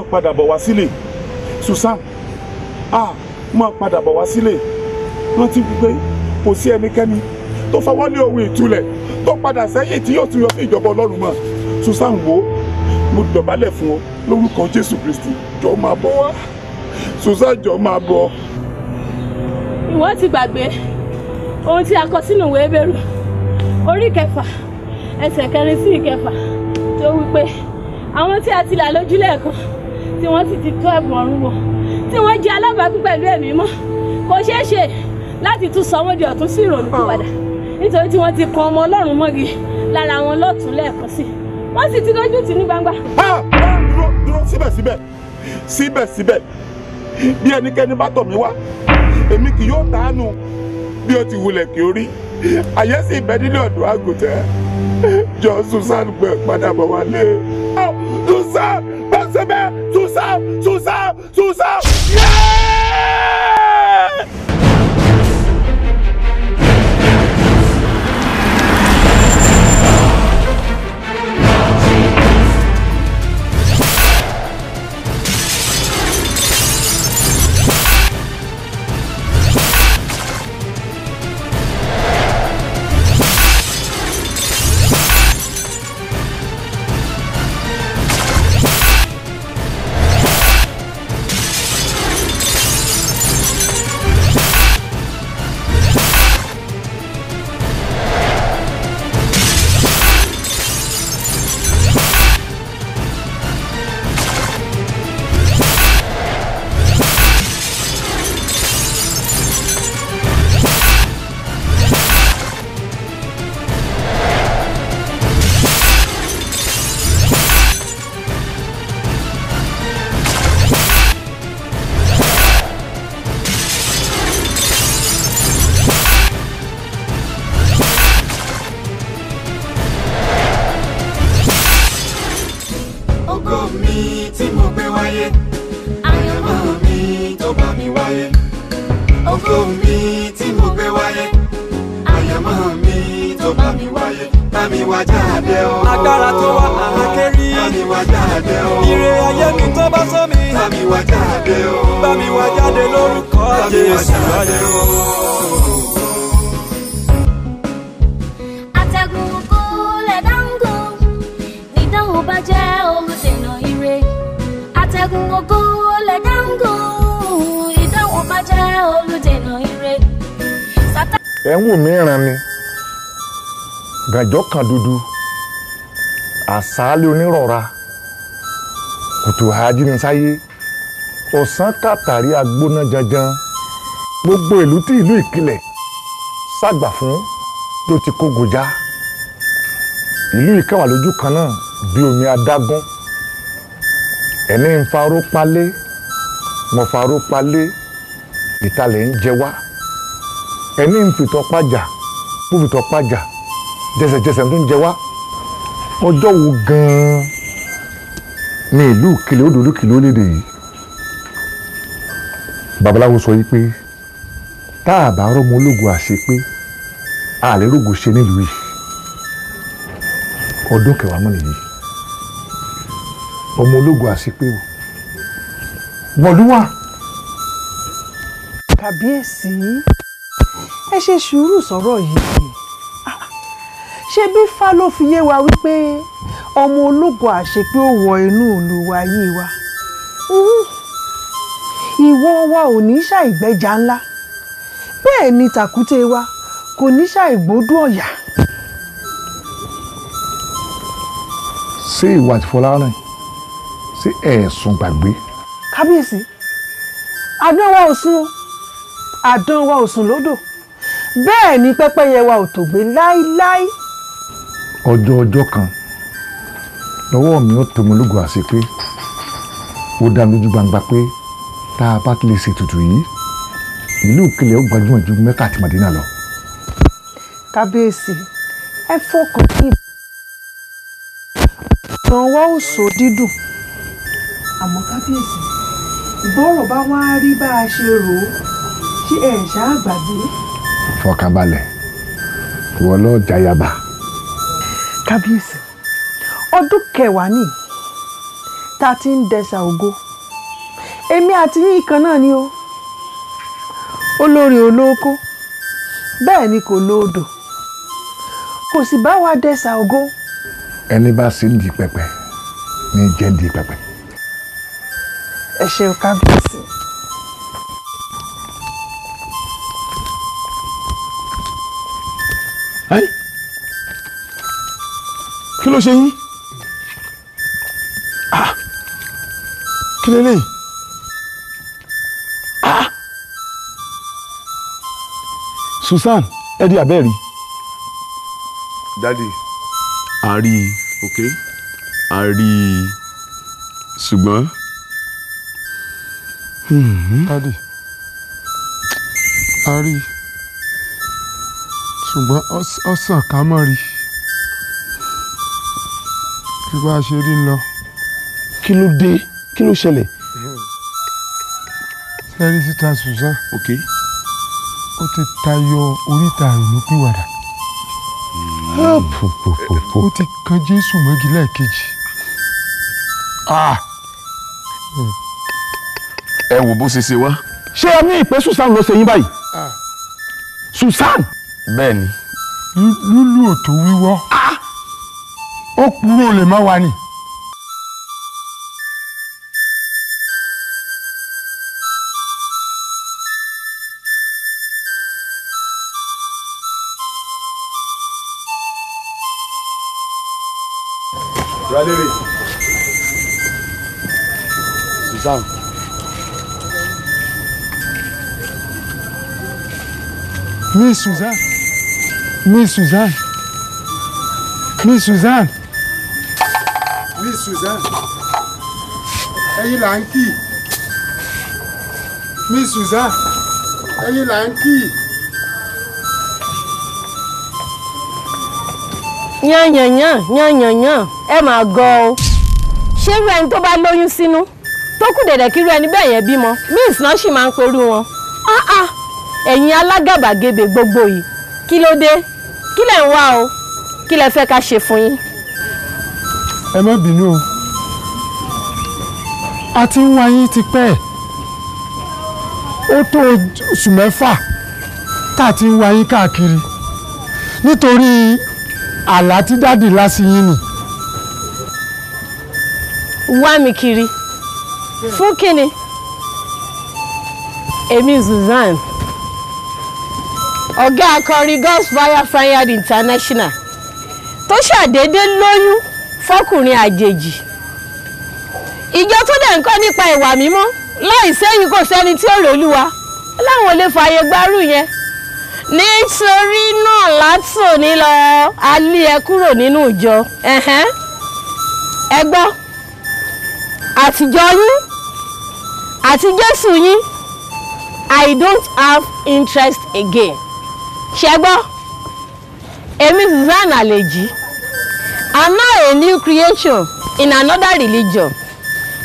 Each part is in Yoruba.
máa padà bọ̀ wá sílé Susan ah máa padà bọ̀ wá sílé rántí wípé kò sí ẹnikẹ́ni tó fọwọ́ lé ohun ìtúlẹ̀ tó padà sẹ́yìn tí yóò tún yọ sí ìjọba ọlọ́run mọ́ Susan wo mo dọ̀bálẹ̀ fún ọ lórúkọ Jésù Kristi jọ máa bọ̀ wá Susan jọ máa bọ̀. ìwọ ti gbàgbé ohun tí a kọ sínú ìwé Hébérù orí kẹfà ẹsẹ̀ kẹrin sí ìkẹfà tó wípé àwọn tí a ti là lójúlẹ̀ kan tí wọ́n sì ti tó ẹ̀bùn ọ̀run wọ̀ tí wọ́n jẹ́ alábàápín pẹ̀lú ẹ̀mí mọ́ kò ṣeé ṣe láti tún sọ wọ́n di ọ̀tún sí ìrònú padà nítorí tí wọ́n ti kan ọmọ ọlọ́run mọ́gi lára wọn lọ́tún lẹ́ẹ̀kan sí wọ́n sì ti lójú tì ní gbangba. síbẹ̀síbẹ̀ síbẹ̀síbẹ̀ bí ẹnikẹ́ni bá tọ̀ mí wá èmi kì yóò tàánù bí ó ti wulẹ̀ kí ó rí àyè sì bẹ nílé ọ̀dọ́ àgùntàn jọ Susan gbẹ padà bọ̀ wálé Susan. 自杀，自杀。atẹ́gùn kúlẹ̀ dáńgùn nídánwò bá jẹ́ olùdènà ire atẹ́gùn kúlẹ̀ dáńgùn ìdánwò bá jẹ́ olùdènà ire. ẹ ń wù mí ni gàjọ́ kan dúdú àṣálẹ́ onírọ̀ra kùtù àjínisáyé ọ̀sán kàtàrí agbóná janjan gbogbo ìlú tí ìlú ìkilẹ̀ sàgbà fún ló ti kó gòjá ìlú yìí kàn wà lójú kan náà bí omi adágún ẹni ń faró palé mo faró palé ìtalẹ̀ ń jẹ wá ẹni ń fìtọ́ pàjà mo fìtọ́ pàjà jẹsẹjẹsẹ tó ń jẹ wá ọjọ́ wo gan-an ni ìlú kìlẹ̀ odò ìlú kìlẹ̀ olédè yìí babaláwo sọ yìí pé tá a bá rọ́mọ ológun àṣepé a lè rògùn ṣe nílùú yìí ọdún kẹwàá mọ́ nìyí ọmọ ológun àṣepéwò wọ̀lúwà. kàbíyèsí ẹ ṣe sùúrù sọ̀rọ̀ yìí ah, ṣé bí fá ló fi yé wa wípé ọmọ ológun àṣepé ò wọ inú ìlú wa yìí wa ìwọ wa ò ní ṣàìgbẹ́jà ńlá bẹ́ẹ̀ ni tàkúté wa kò ní ṣàìgbódú ọ̀yà. ṣé ìwà àti Fọlárìn ṣé ẹ̀sùn gbàgbé. kábíyèsí àdán wa ò sun àdán wa ò sun lódò bẹ́ẹ̀ ni pẹ́pẹ́yẹ wa ò tògbé láíláí. ọjọ́ ọjọ́ kan lọ́wọ́ mi ó tó mi lógo àṣẹ pé ó dá mi lójú gbangba pé tá a bá lè ṣètùtù yìí ìlú ìkìlẹ̀ ó gbajúmọ̀ ju Mẹ́kà àti Màdínà lọ. kábíyèsí ẹ fọkàn kí n ìtàn wa ò sọ dídùn àmọ́ kábíyèsí bọ́rọ̀ bá wá rí bá a ṣe rò ó ṣé ẹ̀ ṣáà gbàgbé. fọkànbalẹ̀ ìwọ náà jayaba. kábíyèsí ọdún kẹwàá ni tá a ti ń dẹṣà ògo èmi àti yín kan náà ni o olórí olóko bẹ́ẹ̀ ni kò lóòdò kò sì bá wa dẹṣà ògo ẹni bá sì ń di pẹpẹ ní jẹ́ ń di pẹpẹ. ẹ ṣeun kábíyèsí. kí ló ṣe yín ah! kí lélẹ́yìí. Ah! Susan ẹ di abẹ́rí. dadi. a rí i ok a rí i ṣùgbọ́n. Hmm. dádì a rí i ṣùgbọ́n ọ̀sán ká mọ̀ rí bí bá a ṣe rí lọ. kí ló dé kí ló ṣẹlẹ̀. sẹ́rí síta sùsán. ok. ó ti tayọ oríta àrùn ní ó ti kan jésù mọ́gi lẹ́ẹ̀kejì. ẹ wo bó ṣe ṣe wá. ṣé ẹ ní ìpè susan ló ṣe yín báyìí. susan. bẹ́ẹ̀ ni. lúlù ò tó wíwọ́ ó kúrò lè má wa ni. Suzanne. Miss Suzanne. Miss Suzanne. Miss Suzanne. Miss Suzanne. Hey, Lanky. Miss Suzanne. Hey, Lanky. yányànyàn yányànyàn ẹ máa gọ ọ. ṣé irú ẹni tó bá lóyún sínú tó kù dẹ̀dẹ̀ kí irú ẹni bẹ́ẹ̀ yẹn bímọ miss náà sì máa ń perú wọn. Ah, ah. ẹ̀yin alágàbàgebè gbogbo yìí kí ló dé kí lẹ̀ ń wá o kí lẹ fẹ́ ká ṣe fún yín. ẹ má bínú o a ti ń wá yín tipẹ́ ó tó oṣù mẹ́fà tá a ti ń wá yín káàkiri nítorí àlá tí dáàdì lásìyìn nì. wá mi kiri fún kíni èmi Susan ọ̀gá akọrin Godsfire Fire International tó ṣàdédé lóyún fọkùnrin àjèjì ìjọ tó dẹ̀ ń kọ́ nípa ìwà mímọ́ láì sẹ́yìn kò sẹ́ni tí ò rólúwa láwọn ò lè fààyè gbárù yẹn nítorí náà látòní lọ a lé ẹ kúrò nínú ìjọ ẹ gbọ́ àtijọ́ yín àti Jésù yín I don't have interest again ṣẹ gbọ́ èmi Susan Aleji I'm now a new creation in another religion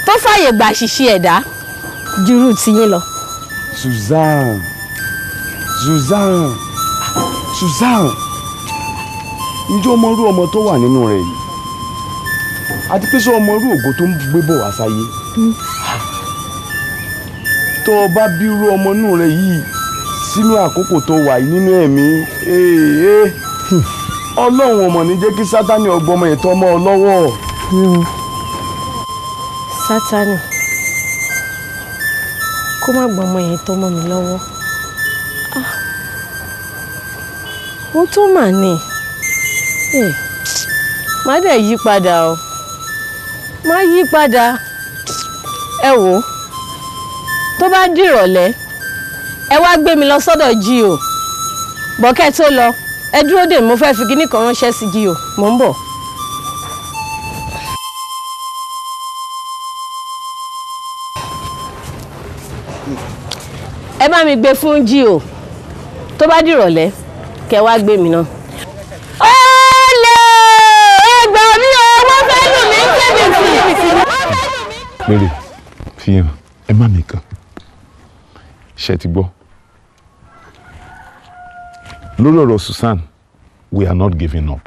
tó fàyè gbà ṣìṣe ẹ̀dá jùrù tiyín lọ. Suzanne. Susan Susan ǹjẹ́ o mọrú ọmọ tó wà nínú rẹ̀ yìí àti pé sọ ọmọrú ògo tó ń gbé bọ̀ wá sáyé hmm. tó o bá bírú ọmọ inú rẹ̀ yìí sínú àkókò tó wà yìí nínú ẹ̀mí ọlọ́run ọmọ ní jẹ́ kí sátani ọgbọ́mọ ìtọ́ ọmọ ọ lọ́wọ́. Hmm. sátani kó má gbọ́mọ yẹn tó mọ́ mi lọ́wọ́. ó tó mà ní hmm. má dẹ̀ yí padà o má yí padà ẹ wò ó tó bá dìrọ̀lẹ́ ẹ wá gbé mi lọ sọ́dọ̀ jí o bọ́kẹ́ tó lọ ẹ dúró dè mo fẹ́ fi kíní kan ránṣẹ́ sí jí o mò ń bọ̀. ẹ bá mi gbé fún jí o tó bá dìrọ̀lẹ́ kẹ wá gbé mi náà. ó lè gbà mí wọ́n fẹ́ lù mí kébìtì. mary fihàn ẹ má nìkan ṣe ti gbọ́ lórí ọ̀rọ̀ Susan we are not giving up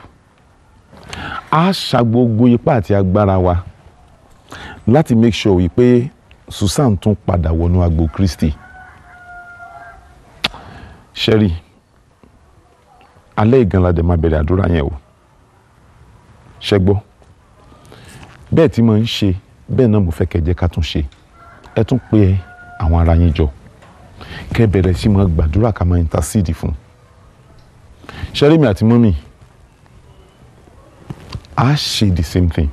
a ṣa gbogbo ipá àti agbára wa láti make sure wípé Susan tún padà wọnú agbo Christy, Sherry alẹ́ ìgan la dẹ̀ máa bẹ̀rẹ̀ àdúrà yẹn o ṣẹ́gbọ́ bẹ́ẹ̀ tí mo ń ṣe bẹ́ẹ̀ náà mo fẹ́ kẹ́ jẹ́ ká tún ṣe ẹ tún pe àwọn ara yín jọ kẹ́ bẹ̀rẹ̀ sí máa gbàdúrà ká máa intercede fún ṣẹ́rìmì àti mọ́mì a ṣe the same thing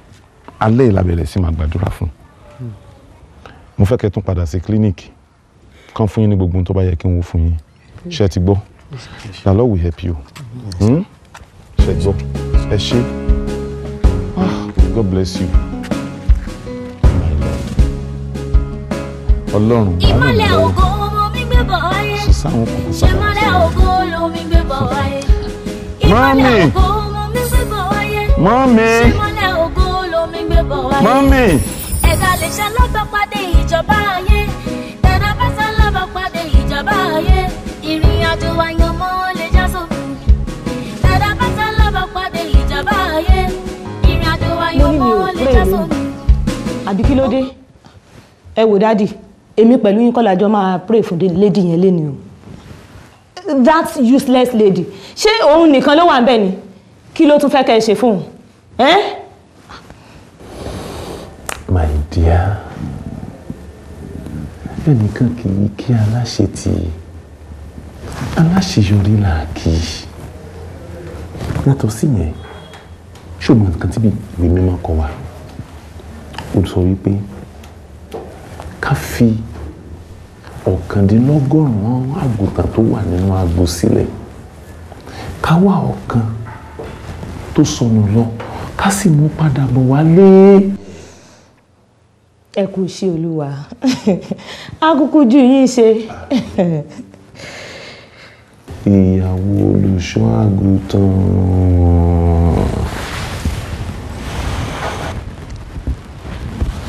alẹ́ ìlà bẹ̀rẹ̀ sí máa gbàdúrà fún mo fẹ́ kẹ́ tún padà sí clinic kan fún yín ní gbogbo ohun tó bá yẹ kí n wò fún yín ṣé ti gbọ́ na lord will help you hmm? ṣẹgbọ ẹ Eshe. Ah, god bless you my lord ọlọ́run ìmọ́lẹ̀ ògo lomi gbé bọ̀ ayé ìmọ́lẹ̀ ògo lomi gbé bọ̀ ayé ìmọ́lẹ̀ ògo lomi gbé bọ̀ ayé ìmọ́lẹ̀ ògo lomi gbé bọ̀ ayé ẹ̀ka lè ṣe alábàápàdé ìjọba ayé tẹ̀lé bá ṣe alábàápàdé ìjọba ayé àjò àyànmọ́ lè já sókun ẹ̀dá pátá lọ́ba pàdé ìjàmbá ayé ìrìn àjò àyànmọ́ lè já ẹ wò dádì èmi pẹ̀lú yín kọ́lá jọ máa pray fún lady yẹn lẹ́nu o that useless lady ṣé òun nìkan ló wà ń bẹ̀ ni kí ló tún fẹ́ kẹ́ ẹ ṣe fún un. my dear ẹnìkan kì í kí aláṣetì aláṣeyọrí là kì í yàtọ̀ sí yẹn ṣùgbọ́n nǹkan tí ìwé mímọ́ kọ wa ó sọ wípé ká fi ọ̀kàndínlọ́gọ́rùn-ún àgùntàn tó wà nínú agbo sílẹ̀ ká wá ọ̀kan tó sọnù lọ ká sì mú padà bọ̀ wálé. ẹ kú sí olúwa a kúkú ju yín ṣe. Ah. ìyàwó olùṣọ́ àgùntàn.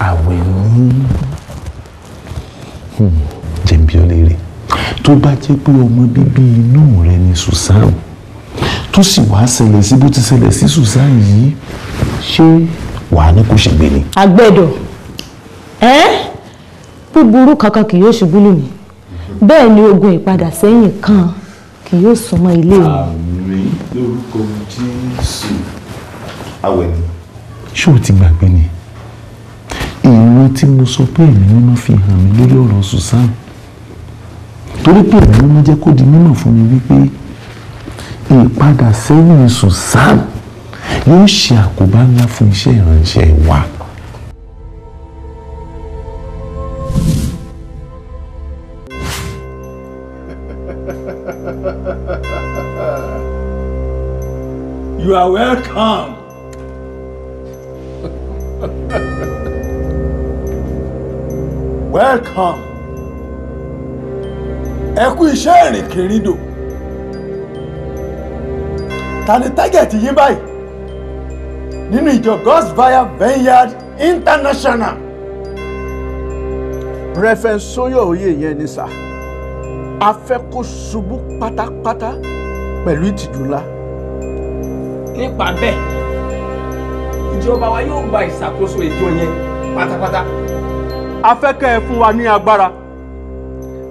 àwẹ̀ ní jẹ̀bi olèrè tó bá jẹ́ pé ọmọ bíbí inú rẹ ni Susan tó sì wá ṣẹlẹ̀ sí bó ti ṣẹlẹ̀ sí Susan yìí ṣé wàá ní kò ṣègbè ni. àgbẹ̀dọ̀ ẹ́ búburú kankan kì yóò ṣubú lù mí bẹ́ẹ̀ ni ogun ìpadà sẹ́yìn kan kì yóò súnmọ́ ilé mi. àmín lórúkọ jésù àwẹ̀ ni. ṣé o ti gbàgbé ni ìran tí mo sọ pé ẹ̀mí mímọ́ fi hàn mí lórí ọ̀rọ̀ Susan torí pé ẹ̀mí mímọ́ jẹ́ kó di mímọ̀ fún mi wípé ìpadà sẹ́yìn Susan yóò ṣe àkóbá ńlá fún iṣẹ́ ìrànṣẹ́ wa. You are welcome. welcome. Ẹ kú iṣẹ́ ìrìnkèrindò. Ta ni tágẹ̀tì yín báyìí? Nínú ìjọ God's Fire Vineyard International. Reverend Sóyọ̀ òye yẹn ni sà. A fẹ́ kó ṣubú pátápátá pẹ̀lú ìtìjú ńlá nípa bẹ́ẹ̀ ìjọba wa yóò gba ìṣàkóso ètò yẹn pátápátá. a fẹ́ kẹ́ ẹ fún wa ní agbára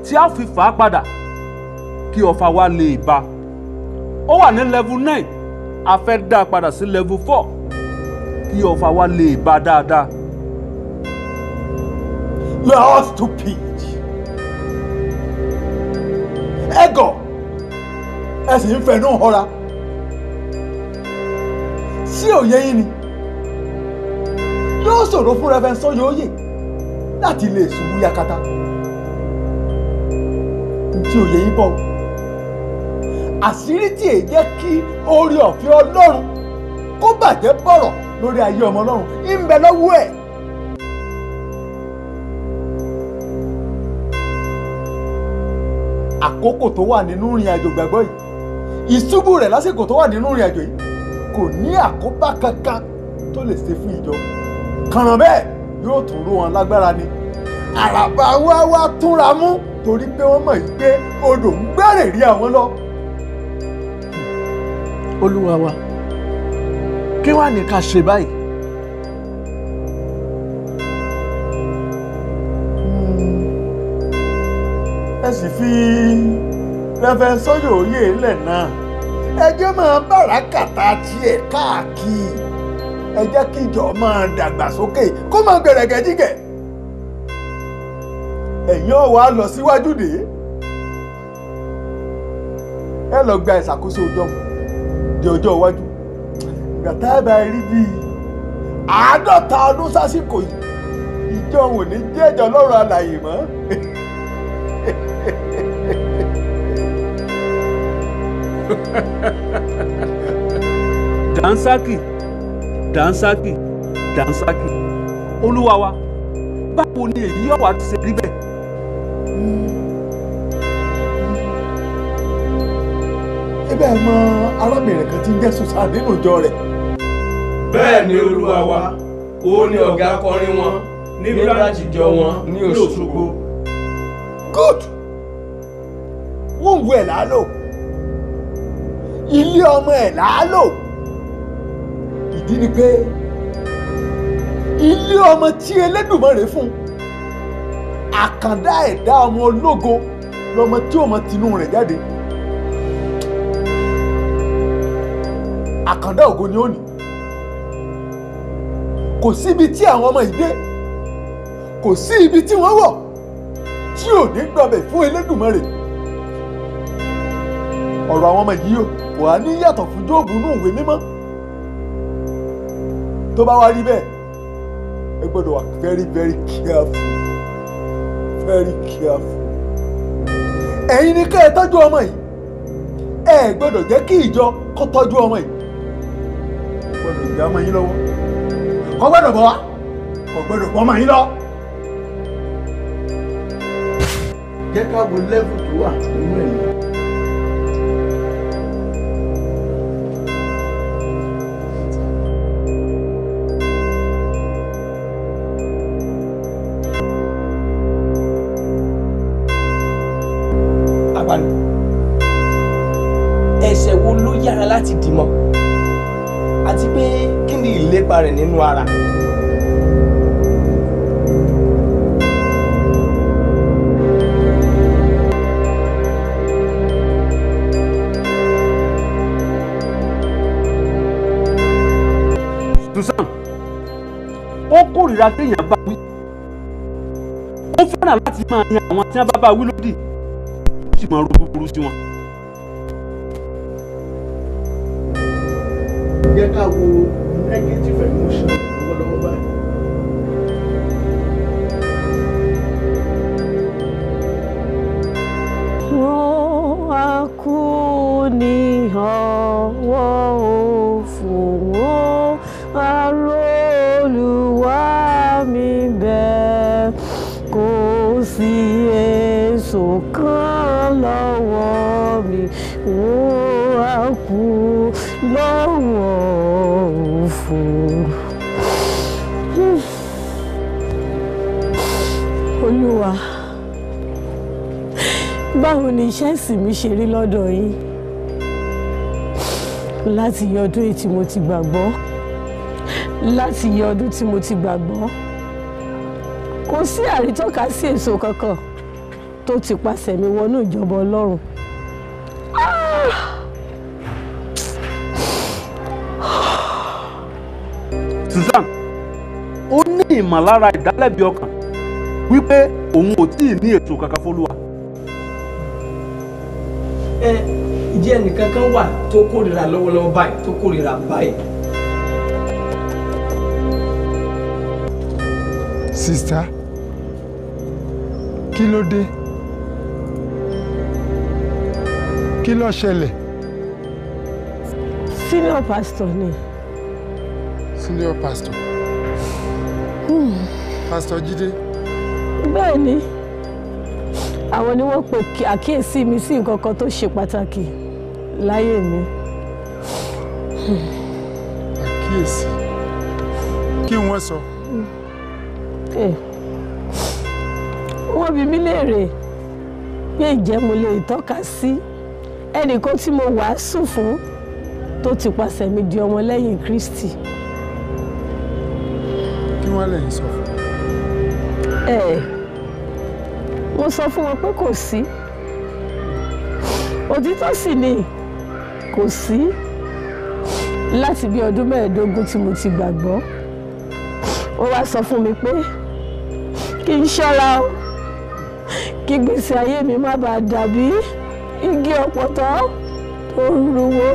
tí a fi fà á padà kí ọfà wa lè bá ó wà ní level nine a fẹ́ dá a padà sí level four kí ọfà wa lè bá dáadáa. you are all stupid. ẹ̀gọ̀ ẹ sì ń fẹnu họra tí ò yẹ yín ni yóò ṣòro fún Reverend Soyooye láti lè ṣubú yakata tí ò yẹ yín bọ̀ àṣírí tí èyí jẹ́ kí orí ọ̀fẹ́ Ọlọ́run kó bàjẹ́ bọ̀rọ̀ lórí ayé ọmọ Ọlọ́run ń bẹ lọ́wọ́ ẹ̀. àkókò tó wà nínú ìrìn àjò gbàgbọ́ yìí ìṣubú rẹ̀ lásìkò tó wà nínú ìrìn àjò yìí kò ní àkóbá kankan tó lè ṣe fún ìjọ kànràn bẹ́ẹ̀ yóò tún ró wọn lágbára ni àràbà wa wá túnra mú torí pé wọ́n mọ̀ yìí pé odò ń gbẹ́rẹ̀ rí àwọn lọ. olúwa wa kí wàá ní ká ṣe báyìí. Hmm. ẹ sì fi rẹfẹ sọyọ òye lẹ náà ẹjọ́ máa bára kàtà tiẹ̀ káàkiri ẹ jẹ́ kí ìjọ máa dàgbàsókè kó máa gbẹ̀rẹ̀gẹ̀ jígẹ̀ ẹ̀yin ọ̀wá lọ síwájú dé ẹ lọ gba ìṣàkóso ọjọ́ di ọjọ́ iwájú gbàtà ẹ̀ bá rí bíi àádọ́ta ọdún sásìkò yìí ìjọ òní jẹ́jọ́ lọ́rọ̀ alàyè mọ́. dansaki dansaki dansaki olúwa wa báwo ni èyí ọ̀wá ti ṣe rí bẹ́ẹ̀. ẹgbẹ́ ẹ mọ arábìnrin kan tí ń jẹ́ susan nínú ìjọ rẹ̀. bẹ́ẹ̀ ni olúwa wa ó ní ọ̀gá akọrin wọn ní bíláàjì ìjọ wọn ní Òṣogbo. good wọ́n ń wẹ̀ lálọ́ ilé ọmọ ẹ̀ làálò ìdí ni pé ilé ọmọ tí Elédùmarè fún àkàndá ẹ̀dá ọmọ ológo lọmọ tí ọmọ tinú rẹ̀ jáde àkàndá ògo ni ó ní kò sí ibi tí àwọn ọmọ yìí dé kò sí ibi tí wọ́n wọ̀ tí ò ní gbọ́bẹ̀ fún Elédùmarè ọ̀rọ̀ àwọn ọmọ yìí yóò àlùkùránì yàtọ̀ fún Jóòbù nínú ìwé mímọ́ tó bá wá rí bẹ́ẹ̀ ẹ gbọ́dọ̀ wà very very careful very careful ẹ̀yin ni ká ẹ tọ́jú ọmọ yìí ẹ gbọ́dọ̀ jẹ́ kí ìjọ kó tọ́jú ọmọ yìí gbọ́dọ̀ ìjà ọmọ yìí lọ́wọ́ kò gbọ́dọ̀ bọ́ wa kò gbọ́dọ̀ bọ́ ọmọ yìí lọ. jẹ́ ká wo level tó wà nínú ẹ̀mí. nínú ara. Susan ó kórìíra téèyàn bá wí ó fẹ́ràn láti máa yan àwọn tí wọ́n bá bá wí lódì ó sì máa ro búburú sí wọn. jẹ́ ká wo báwo ni iṣẹ́ ìsìn mi ṣe rí lọ́dọ̀ yín láti iye ọdún tí mo ti gbàgbọ́ láti iye ọdún tí mo ti gbàgbọ́ kò sí àrítọ́ka sí èso kankan tó ti pasẹ̀ mi wọnú ìjọba ọlọ́run. Susan ó ní ìmọ̀lára ìdálẹ́bi ọkàn wípé òun ò tí ní ètò kankan fólú ẹ ìjẹ́ ẹnìkan kan wà tó kórìíra lọ́wọ́lọ́wọ́ báyìí tó kórìíra báyìí. sista kí ló dé kí ló ṣẹlẹ̀. senior pastor ni. senior pastor. Hmm. pastor Jide, bẹ́ẹ̀ ni àwọn ni wọ́n pe àkíyèsí mi sí nǹkan kan tó ṣe pàtàkì láyé mi. àkíyèsí kí wọ́n sọ. Eh. wọ́n bi mí léèrè pé ǹjẹ́ mo lè tọ́ka sí ẹnìkan tí mo wàásù fún tó ti pasẹ̀ mi di ọmọlẹ́yìn Kristi. kí wọ́n lè sọ fún. ẹ eh. ẹ mo sọ fún wọn pé kò sí òtítọ́ sì ni kò sí láti bí ọdún mẹ́ẹ̀ẹ́dógún tí mo ti gbàgbọ́ ó wá sọ fún mi pé kí n ṣọ́ra o kí gbèsè ayé mi má bàa dàbí igi ọ̀pọ̀tọ́ tó ń ruwo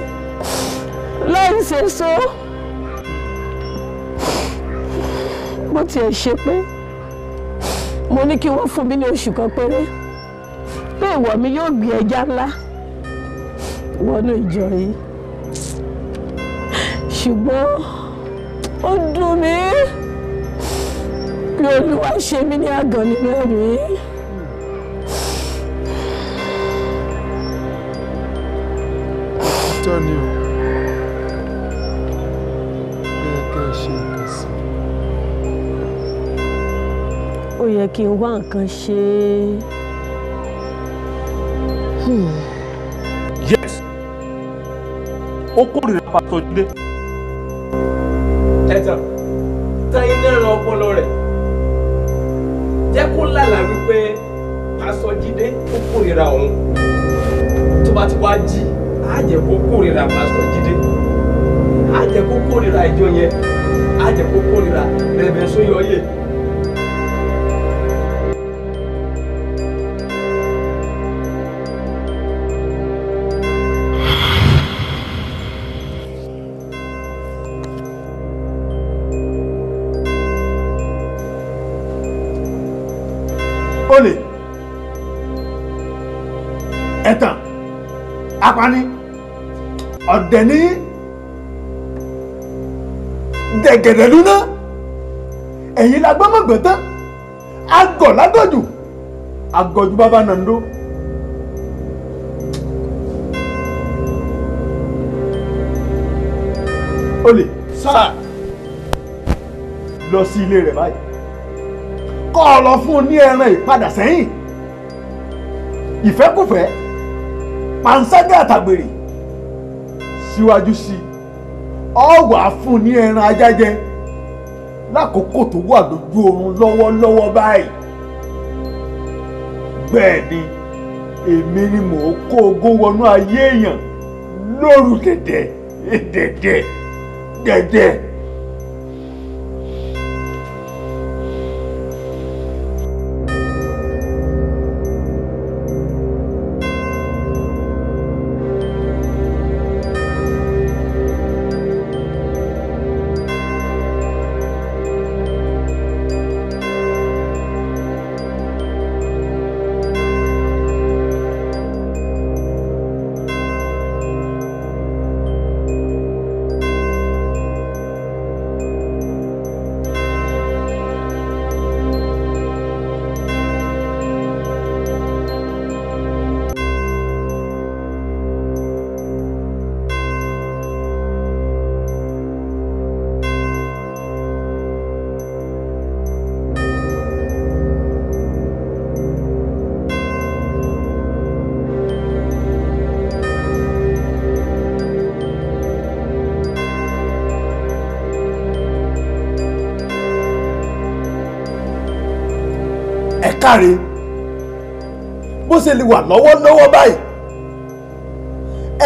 láì ṣe so bó tiẹ̀ ṣe pé mo ní kí wọ́n fún mi ní oṣù kan péré pé ìwọ mi yóò gbé ẹja ńlá wọnú ìjọ yìí ṣùgbọ́n ó dùn mí pé olúwa ṣe mí ní àgàn nínú ẹ̀mí. tọ́ ni yẹ kí n wá nǹkan ṣe. Hmm. yes ó kórìíra pásítọ̀ jíde. ẹ̀tàn táyé náírà ọpọlọ rẹ̀ jẹ́ kó lálàá wípé pásítọ̀ jíde ó kórìíra òun tó bá ti wá jí á jẹ́ kó kórìíra pásítọ̀ jíde á jẹ́ kó kórìíra ìjọ yẹn á jẹ́ kó kórìíra rẹ̀ bẹ́ẹ̀ sóyọ yẹn. ẹ̀tàn apani ọ̀dẹ̀ ní dẹ̀gẹ̀dẹ̀ lúná ẹ̀yìn la gbọ́n mọ̀gbọ́n tán agọ̀ lágọ̀jù agọ̀jù bàbá nàndó. olè sáà lọ sí ilé rẹ̀ báyìí kọ́ ọ lọ fún un ní ẹran ìpadà sẹ́yìn ìfẹ́kùfẹ́. pàǹságà àtàgbèrè síwájú sí i ọ̀wà fún ní ẹran ajájẹ lákòókò tó wà lójú oorun lọ́wọ́lọ́wọ́ báyìí bẹ́ẹ̀ ni èmi ni mò ń kó ogún wọnú ayé èèyàn lóru dẹ̀dẹ̀ dẹ̀dẹ̀ dẹ̀dẹ̀. ẹ káre bó ṣe lè wà lọ́wọ́lọ́wọ́ báyìí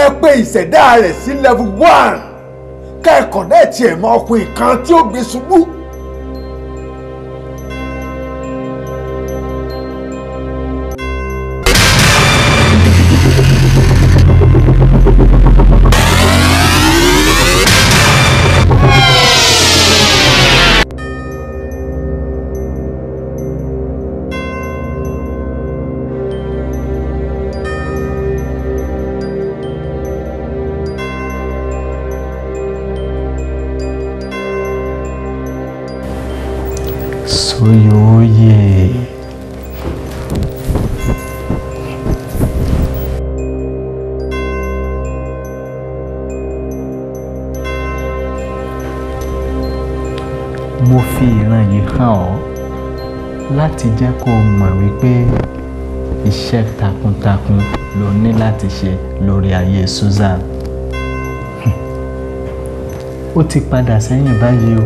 ẹ pé ìṣẹ̀dá rẹ̀ sí level one kẹ́ẹ̀kọ́ náà tiẹ̀ mọ ọkùnrin kan tí ó gbé ṣubú. láti jẹ́ kó mọ̀ wípé iṣẹ́ takuntakun ló ní láti ṣe lórí ayé Susan ó ti padà sẹ́yìn báyìí o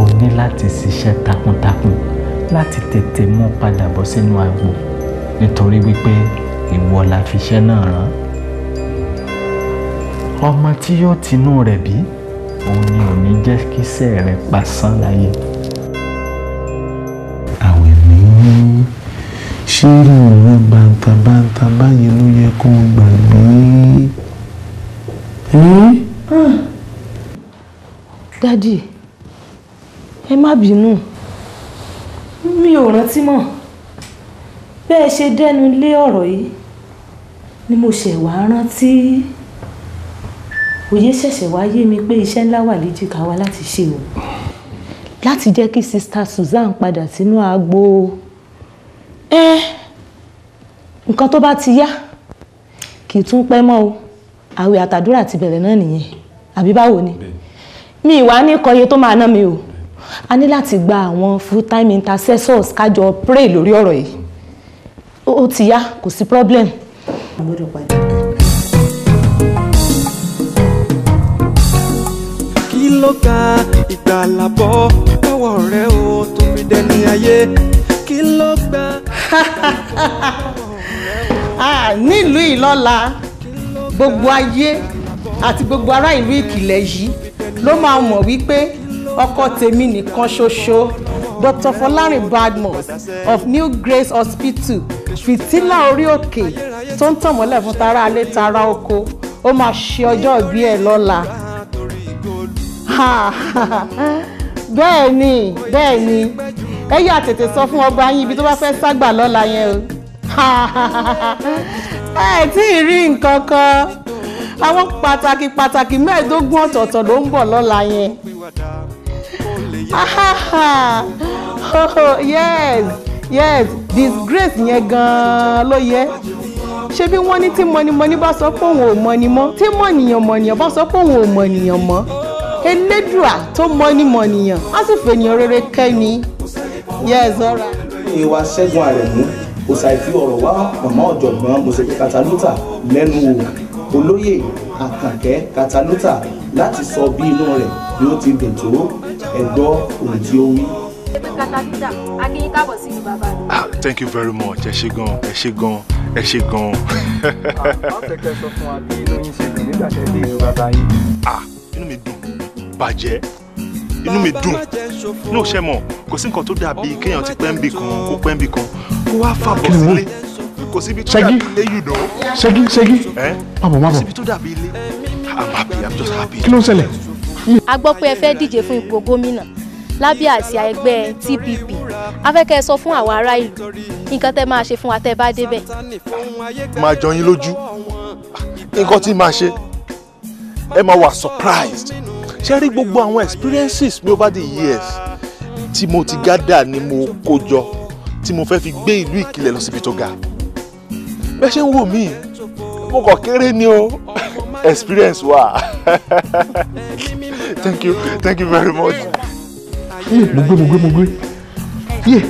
o ní láti ṣiṣẹ́ takuntakun láti tètè mú padà bọ́ sínú agbo nítorí wípé ìwọ la fiṣẹ́ náà rán ọmọ tí yóò tinú rẹ̀ bí òun ni ò ní jẹ́ kíṣẹ́ rẹ pasán láyé. àwẹ̀ mi ní ṣé ìrìn bàǹtàbàǹtà báyìí ló yẹ kó o gbàgbé. Ah. dádì ẹ má bínú mi ò rántí mọ́ bẹ́ẹ̀ ṣe dẹ́nu lé ọ̀rọ̀ yìí ni mo ṣẹ̀ wá rántí òye ṣẹ̀ṣẹ̀ wá yé mi pé iṣẹ́ ńlá wà léjìká wa láti ṣe o láti jẹ́ kí sista Susan padà sínú agbo ẹ nǹkan tó bá ti yá kì í tún pẹ́ mọ́ o àwẹ̀ àtàdúrà ti bẹ̀rẹ̀ náà nìyẹn àbí báwo ni mi ìwà ní kọye tó máa ná mi o a ní láti gba àwọn full time intercessors kájọ pray lórí ọ̀rọ̀ yìí ó ti yá kò sí problem. ló ga ìgbàlà bọ́ lọ́wọ́ rẹ o tó fi dẹni ayé kí ló gba. nílùú ìlọ́la gbogbo ayé àti gbogbo ará ìlú ìkìlẹ̀ yìí ló máa mọ̀ wípé ọkọ tèmi nìkan ṣoṣo Dr. Folarin Badmus of New Grace Hospital fìtílà orí òkè tó ń tàn mọ́lẹ̀ fún tara alẹ́ tara oko ó máa ṣe ọjọ́ ìbí ẹ̀ lọ́la. bẹ́ẹ̀ ni bẹ́ẹ̀ ni ẹ yà tètè sọ fún ọba yín ibi tó bá fẹ́ ságbà lọ́la yẹn o ẹ tí ì rí nǹkan kan àwọn pàtàkì pàtàkì mẹ́ẹ̀ẹ́dógún ọ̀tọ̀ọ̀tọ̀ ló ń bọ̀ lọ́la yẹn yes yes disgrace yẹn gan-an ló yẹ ṣé bí wọ́n ní tí mọ̀nìmọ̀nì bá sọ pé òun ò mọ̀nì mọ́ tí mọ̀nìyàn mọ̀nìyàn bá sọ pé òun ò mọ̀nìyàn mọ́ elédùà tó mọ́ni mọ̀nìyàn á sì fènìyàn rere kẹ́ni yes ọ̀rá. lẹ́yìn wa ṣẹ́gun àrẹ̀mú kò ṣàìfi ọ̀rọ̀ wá màmá ọ̀jọ̀gbọ́n mọ̀sẹ̀kẹ́ kataluta lẹ́nu wò olóyè àkànkẹ́ kataluta láti sọ bí inú rẹ̀ ni ó ti dùn tó ẹ̀gbọ́ òun tí ó wí. ah thank you very much ẹ ṣé gan ẹ ṣé gan ẹ ṣé gan. àwọn ah, ọ̀sẹ̀ kẹ́ sọ fún wa bí inú yín ṣe dùn nígbà tẹ́ dé bàbá yín. ah bàjẹ́ inú mi dùn ní òṣè mọ̀ kò sí nǹkan tó dàbí kéèyàn ti pẹ́ńbì kan kó pẹ́ńbì kan kó wá fàbọ̀ sílé kò síbi tó dàbí ilé yìí dùn. ṣẹ́gi ṣẹ́gi mabọ̀ mabọ̀ i'm happy i'm just happy. kí ló ń ṣẹlẹ̀. a gbọ́ pé ẹ fẹ́ díje fún ipò gómìnà lábẹ́ àsíá ẹgbẹ́ TPP afẹ́kẹ́ sọ fún àwọn ará ìlú nǹkan tẹ́ máa ṣe fún wa tẹ́ bá débẹ̀. máa jọ yín lójú nǹkan tí máa ṣe ẹ máa wà surprised ṣe rí gbogbo àwọn experiences mi over the years tí mo ti gádà ni mo kó jọ tí mo fẹ́ fi gbé ìlú ìkìlẹ̀ lọ síbi tó ga bẹ́ẹ̀ ṣe ń wò mí mo kàn kéré ni o experience wa thank you thank you very much. yé mo gbé mo gbé mo gbé yé.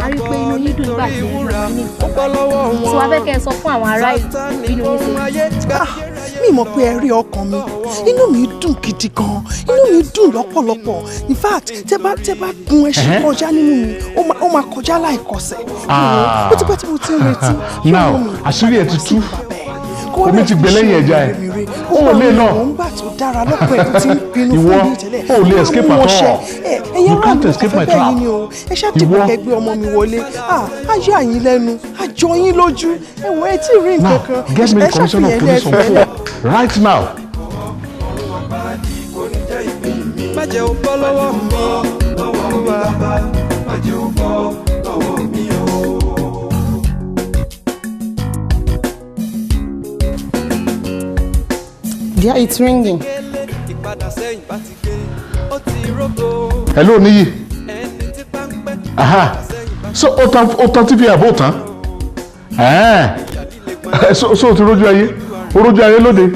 a rí i pé inú yín dùn nígbà tí mo ní ìfọwọ́ tí wàá sọ fún àwọn ará ìlú inú yín sí mi mọ̀ pé ẹ rí ọkàn mi inú mi dùn gidi gan inú mi dùn lọ́pọ̀lọpọ̀ in fact tẹ bá tẹ bá gun ẹṣin kọjá nínú mi ó máa kọjá láìkọsẹ̀ ó ti ah. pẹ́ tí mo ti ń retí. now àṣírí ẹ̀ ti omi ti gbẹ lẹ́yìn ẹja ẹ o ò lè náà ìwọ o ò lè escape at all you can't escape my trap ìwọ ẹgbẹ́ ọmọ mi wọlé ajọ àyín lẹ́nu ajọ yín lójú ẹwọ ẹ tí rí nǹkan kan now get me the commissioner of right now. má jẹ́ o bọ́ lọ́wọ́ mi bọ́ lọ́wọ́ mi bàbá má jẹ́ o Yeah, it's ringing. Hello, Niyi. Aha. So, otan, tan o tan TV Eh. So, so o ti rójú aye O rójú ayé lóde.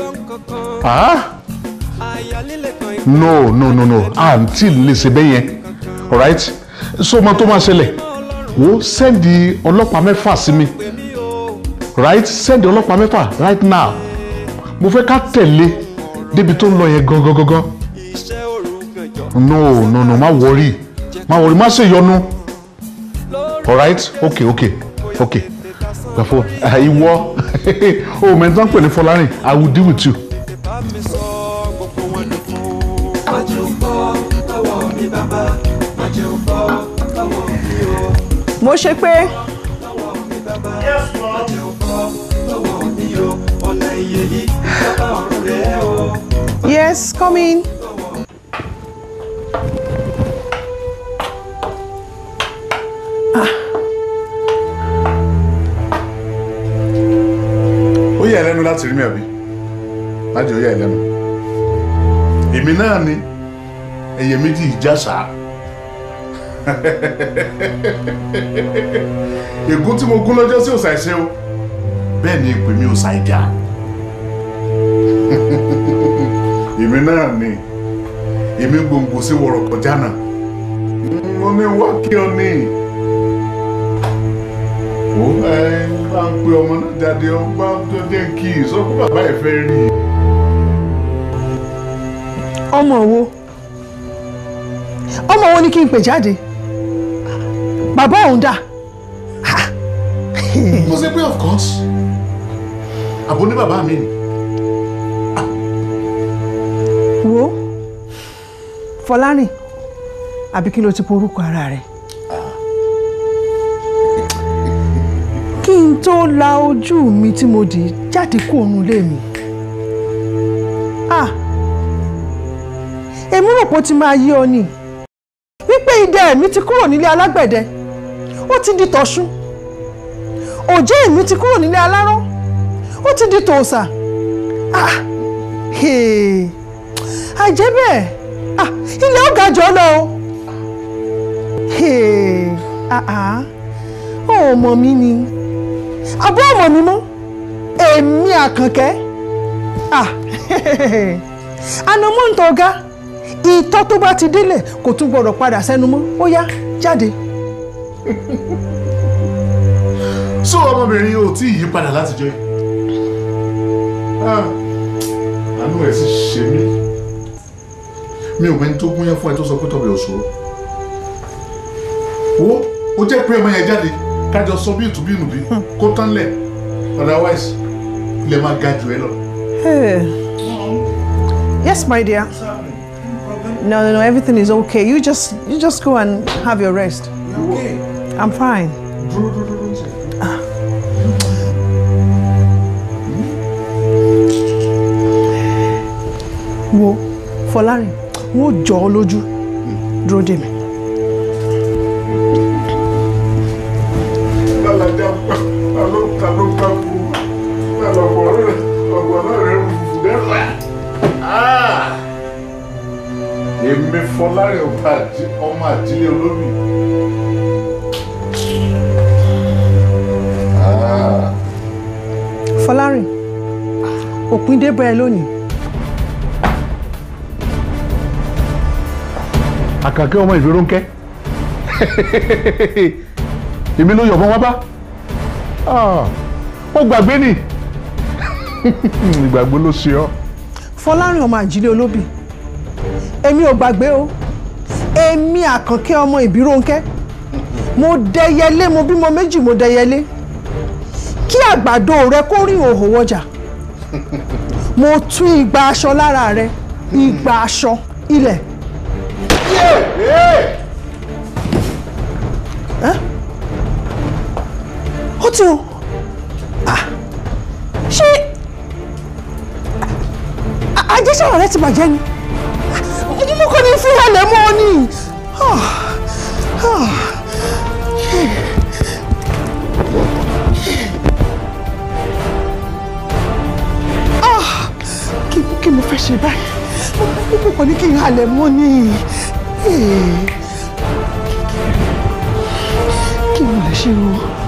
No, no, no, no. Until le ṣe bẹ́ẹ̀ yẹn. Alright? So, ọmọ tó máa ṣẹlẹ̀. Wo sẹ́ndì ọlọ́pàá mẹ́fà sí mi. Right? Sẹ́ndì ọlọ́pàá mẹ́fà right now mo fẹ́ ká tẹ̀lé débi tó ń lọ yẹn gangan gangan no no no má wọrí má wọrí má ṣe yọnu alright okay okay okay gbàfọ ah, ìwọ o oh, mẹ́tọ́ ń pè ní Fọlárìn I will deal with you. mo ṣe pé. yes ma. ọlẹ́ iye yìí. Yes, come in. Ah. ó yà ẹ́ lẹ́nu láti rí mi àbí láti ó yà ẹ́ lẹ́nu èmi náà ni ẹyẹ méjì ìjàsà ègún tí mo gún lọ́jọ́ sí òsà ìṣe o bẹ́ẹ̀ ni èpè mi òsà ìjà. èmi náà ni èmi gbòǹgbò sí wọ̀rọ̀kọ̀ jánà mo ní wá kí ọ ní ó ẹ bá ń pe ọmọ náà jáde ọ bá tó jẹ́ kí sọ fún bàbá ẹ̀ fẹ́ rí i. ọmọ wo ọmọ wo ni kí n pè jáde bàbá òun dà. mo ṣe pé of course àbúrò ní bàbá mi ni. fọlárìn àbí kí ló ti porúkọ ara rẹ̀. kí n tó la ojú mi tí mo dì jáde kó ònú ilé mi. Ah! èmi rò pé ó ti máa yé ọ ni wípé idẹ mi ti kúrò nílé alágbẹ̀dẹ ó ti di tọ̀ṣun òjé mi ti kúrò nílé aláró ó ti di tòòṣà ah! àjẹ́ bẹ́ẹ̀ ilé ọ̀gá jọ lọ o. Ah, ah. ó mọ̀ mí ni àbọ̀ ọmọ mi mọ́ èmi àkànkẹ́ ah, ànàmọ́ ń tọ́gá ìtọ́ tó bá ti délẹ̀ kò tún gbọ́dọ̀ padà sẹ́nu mọ́ ó yá jáde. so ọmọbìnrin ò tí ì yí padà látijọ́ yìí àánú ẹ̀ sì ṣe mí mi ò mẹ́ni tó gún yẹn fún ẹ tó sọ pé tọ́bẹ̀ òṣòro wo ó jẹ́ pé ọmọ yẹn jáde kájọ sọ bí ìtúbí ìnùbí kó tán lẹ̀ otherwise ilẹ̀ máa ga jù ẹ lọ. yes my dear no no no everything is okay you just you just go and have your rest okay. i'm fine. Dúró dúró dúró wo fọlárin wọn ò jọ ọ lójú dúró dè mí. lálàjà ló ta ló ọmọ àdílé ah! olómi. Ah! fọlárìn òpin dé lónìí. àkànkẹ́ ọmọ ìfìrónkẹ́ èmi ló yọ̀bọ̀n wá bá ó ah, gbàgbé ni ìgbàgbé ló ṣe ọ́. fọlárin ọmọ àjílé olóbì èmi ò gbàgbé o èmi àkànkẹ́ ọmọ ìbírónkẹ́ mo dẹyẹlé mo bímọ méjì mo dẹyẹlé kí àgbàdo rẹ kó rí òhò wọjà mo tún igba aṣọ lára rẹ igba aṣọ ilẹ̀ mọ́tò ah. ṣé àjẹsára rẹ ti bàjẹ́ ni ojúmọ́ kan ní fúnra lẹ̀ mọ́ ọ ni. Ah. Ah. kí mo fẹ́ ṣe báyìí ojúmọ́ kan ní kí n halẹ̀ mọ́ ni. Eh. kí mo lè ṣe wọn.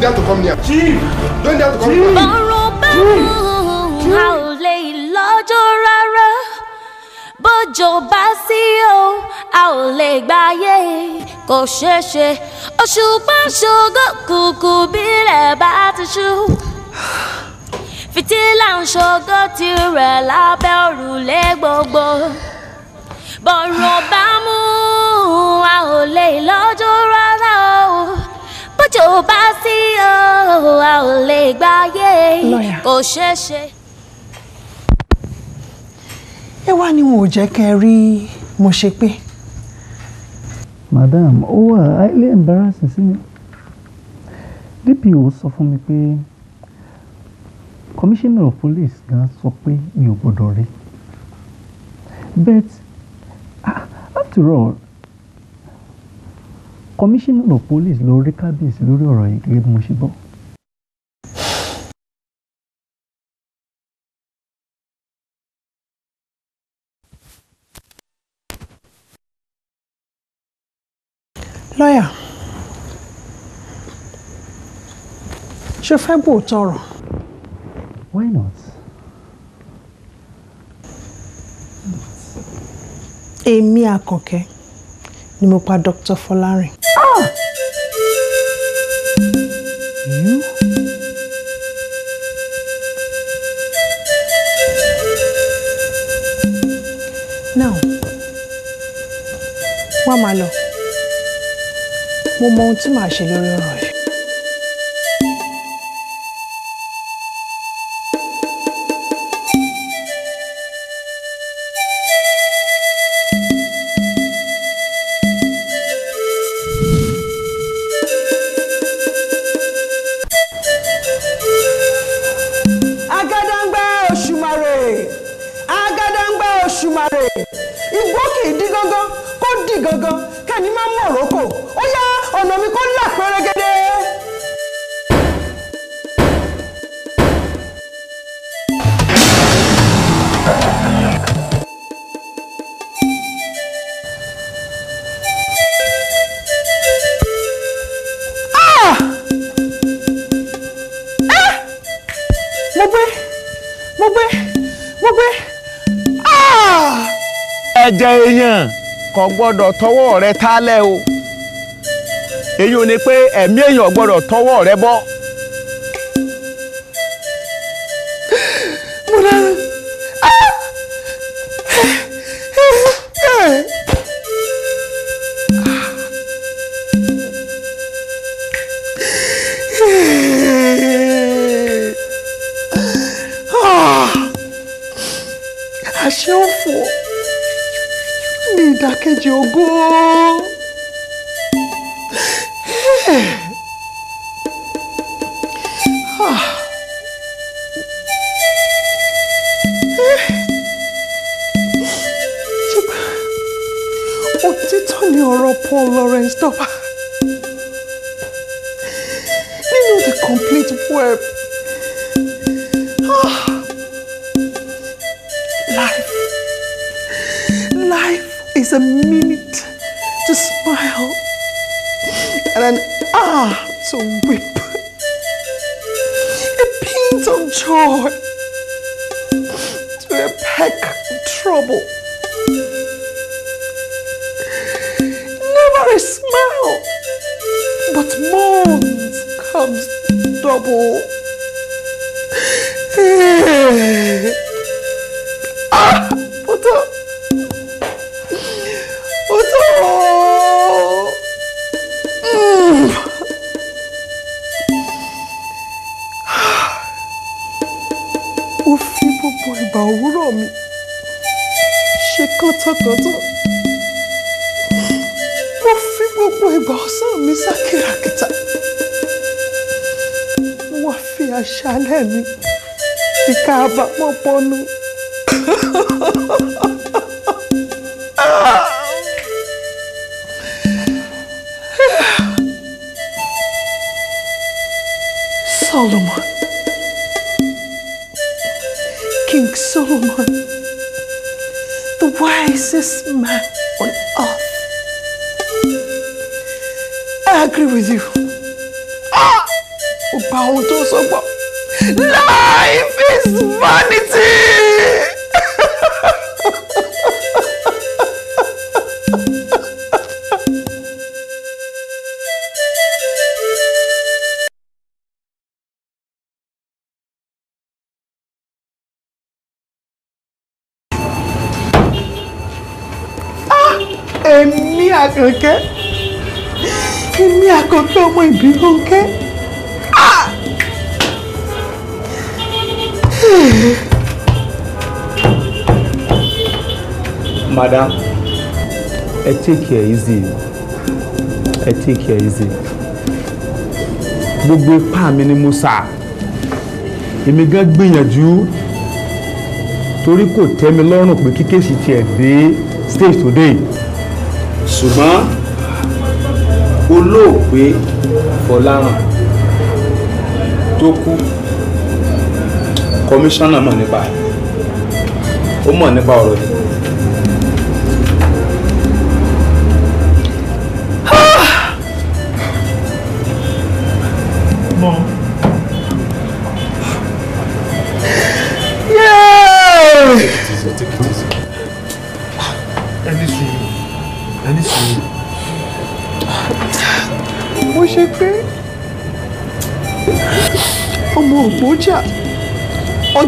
Don't dare to come near. Chief! Don't dare to come near. Ọ̀rọ̀ bẹ́ẹ̀ a ò lè lọ́jọ́ rárá. Bójò bá sí o, a ò lè gbáyé. Kò ṣeé ṣe. Òṣùpá ṣògo kùkù bílẹ̀ bá ti ṣú. Fìtílà ń ṣògo tirẹ̀ lábẹ́ òrùlé gbogbo. Bọ̀rọ̀ bá mú a ò lè lọ́jọ́ rárá o. Bójò bá sí o a ò lè gbáyé kò ṣeé ẹ wá ní wọn ò jẹ́ kẹ́ ẹ rí mo ṣe pé. madam ó wà ilé embarrassing sí mi DPO sọ fún mi pé commissioner of police gan sọ pé mi ò gbọ́dọ̀ rí but after all commissioner of police ló rí kábíyèsí lórí ọ̀rọ̀ yìí gẹ́gẹ́ bí mo ṣe gbọ́. lọ́yà ṣe fẹ́ bò tọrọ. why not. èmi àkànkẹ́ ni mo pa Dr. Fọlárin. Ah! You? now wá máa lọ. 摸摸芝麻是溜溜肉。jẹ èèyàn kò gbọ́dọ̀ tọwọ́ rẹ tálẹ̀ o èyí ò ní pé ẹ̀mí èèyàn gbọ́dọ̀ tọwọ́ rẹ bọ́. àgbà òwúrọ̀ mi ṣe kọ́tọ̀kọ́tọ̀ mo fi gbogbo ìgbà ọ̀sán mi sá kìràkìtà wọ́n fi àṣálẹ́ mi fi ká àbámọ̀ pọnu. Ha see my own off. I agree with you. Ìbírónkẹ́ èmi àkọ́kẹ́ ọmọ Ìbírónkẹ́. Madam, ẹ take care easy ẹ take care easy gbogbo ipá mi ni mo sà èmi gan gbìyànjú torí kò tẹ́ mi lọ́rùn pé kíkèsí tiẹ̀ dé stage today ṣùgbọ́n olóògbé Fọláràn tó kú kọmíṣánná mọ̀ nípa ó mọ̀ nípa ọ̀rọ̀ yìí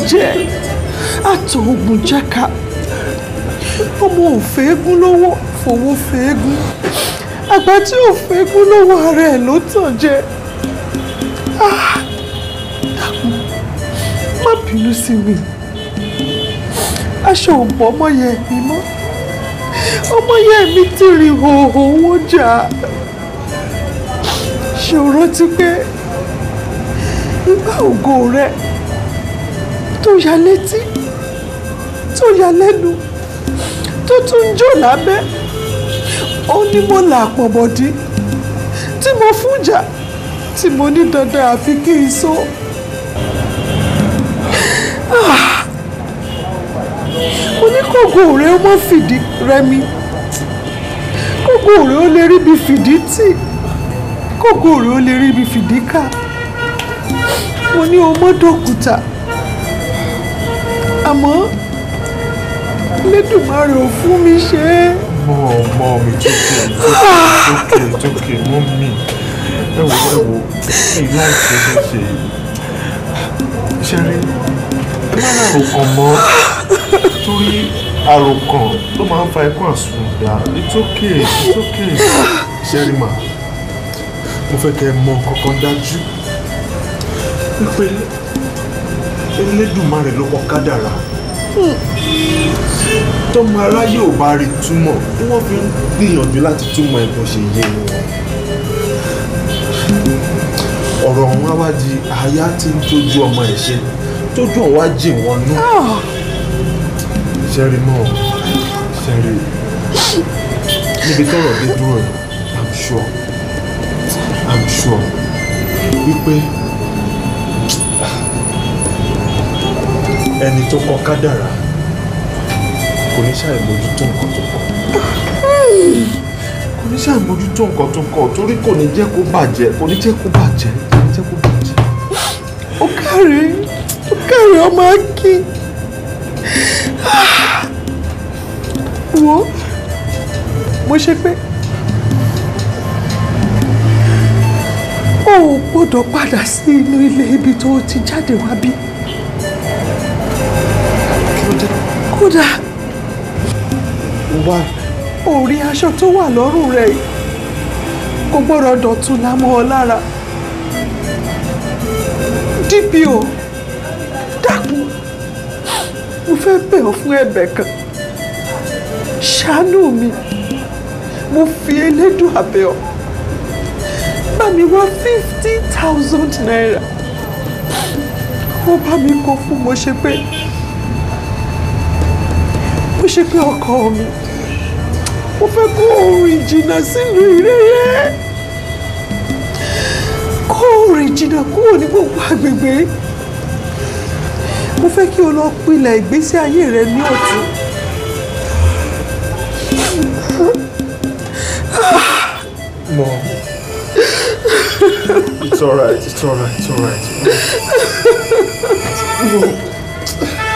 jẹ àtọ̀ọ̀gùn jẹ́ka ọmọ òfeégún lọ́wọ́ fowó feégún àgbà tí òfeégún lọ́wọ́ ara ẹ̀ ló tàn jẹ ah! má bínú sí mi aṣọ òpó ọmọ yẹn mi mọ́ ọmọ yẹn mi ti rí hòhò owó jà ṣòro ti pé ìgbà ògo rẹ̀ tó yà létí tó yà lẹ́nu tó tún jò lábẹ́ ó ní mo là pọ̀bọ̀dí tí mo fúnjà tí mo ní dandan àfi kí n so. mo ní kókó rẹ̀ ó mọ́ fìdí rẹmi kókó rẹ̀ ó lè ríbi fìdí tì kókó rẹ̀ ó lè ríbi fìdí kà mo ní o mọ́ dòkúta àmọ́ lẹ́dùnmáre ò fún mi ṣe é. mọ ọmọ mi jókè jókè jókè mú mi ẹ wò ẹ wò ẹ láìpẹ́ ló ṣe ṣe rí ẹ má lárúkọ mọ́ torí àròkàn ló máa ń fa ikú àsùnwọ̀dà it's okay it's okay ṣẹ́rí mà mo fẹ́ kẹ́ ẹ mọ kankan dájú wípé Elédùmarè ló kọ kádàrá tọmọ aráyé ò bá rí túmọ̀ tí wọ́n fi ń gbìyànjú láti túmọ̀ ẹ̀kọ́ ṣe yé wọn ọ̀rọ̀ ọ̀hún wá wá di aya tí ń tójú ọmọ ẹ̀ ṣe tójú ọ̀hún wá jìn wọn nú ṣẹ́rí mọ́ ṣẹ́rí níbi tọ́rọ̀ dé dúró yìí i'm sure i'm sure wípé. ẹni tó kọ kádàrá kò ní ṣàìmójútó nǹkan tó kọ kò ní ṣàìmójútó nǹkan tó kọ torí kò ní jẹ́ kó bàjẹ́ kò ní jẹ́ kó bàjẹ́ kò ní jẹ́ kó bàjẹ́. ó kàrí ó kàrí ọmọ akí wo mo ṣe pé o ò gbọ́dọ̀ padà sí inú ilé ibi tó ti jáde wá bí. kódà wá orí aṣọ tó wà lọ́rùn rẹ̀ yìí kò gbọ́dọ̀ dọ̀tun lámọ́ ọ lára DPO dákun mo fẹ́ bẹ̀ ọ́ fún ẹ̀bẹ̀ kan ṣàánú mi mo fi elédùn àbẹ̀ ọ́ bá mi wá fifty thousand naira ó bá mi kó fún mo ṣe pé ṣe pé ọkọ mi mo fẹ́ kó rìn jìnnà sílùú ìrẹ́rẹ́ kó rìn jìnnà kúrò ní gbogbo àgbègbè mo fẹ́ kí o lọ pilẹ̀ ìgbésí ayé rẹ ní ọ̀tún. Mom, it's alright, it's alright, it's alright.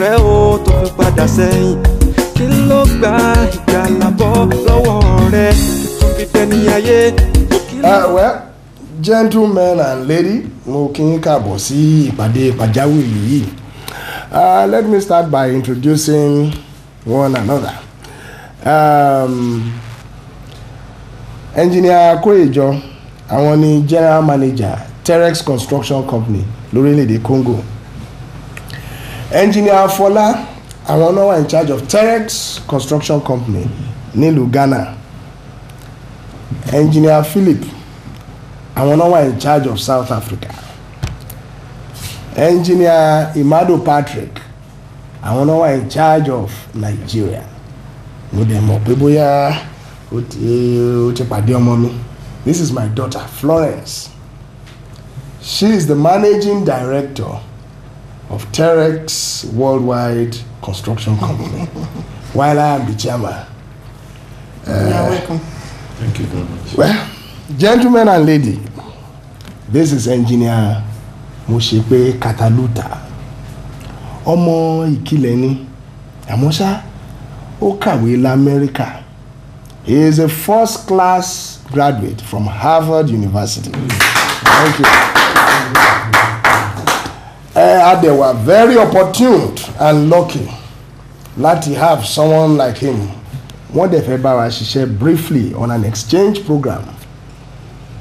rẹ o tó fi padà sẹ́yìn kí ló gba ìgbàlábọ̀ lọ́wọ́ rẹ tó fi dẹni ayé. ẹ̀wẹ́ ah, gentlemen and lady mo kí n kàbọ̀ sí ìpàdé pàjáwìrì yìí uh, let me start by introducing one another. Um, engineer Kóyèjọ àwọn ni general manager Terex Construction Company lórílẹ̀‐èdè Congo engineer Fọlá àwọn náà wà in charge of Terex construction company nílùú Ghana engineer Philip àwọn náà wà in charge of South Africa engineer Imado Patrick àwọn náà wà in charge of Nigeria mo dẹ̀ mọ̀ pé bóyá ó ti pàdé ọmọ mi this is my daughter Florence she is the managing director of Terex Worldwide Construction Company, while I am the chairman. Uh, are welcome. Thank you very much. Well, gentlemen and lady, this is engineer Moshepe Kataluta. Omo Ìkìlẹ̀ ni, àmọ́ ṣá, ó He is a first class graduate from Harvard University. Thank you uh, they were very opportune and lucky láti have someone like him wọ́n dẹ̀ fẹ́ bá wa ṣiṣẹ́ briefly on an exchange program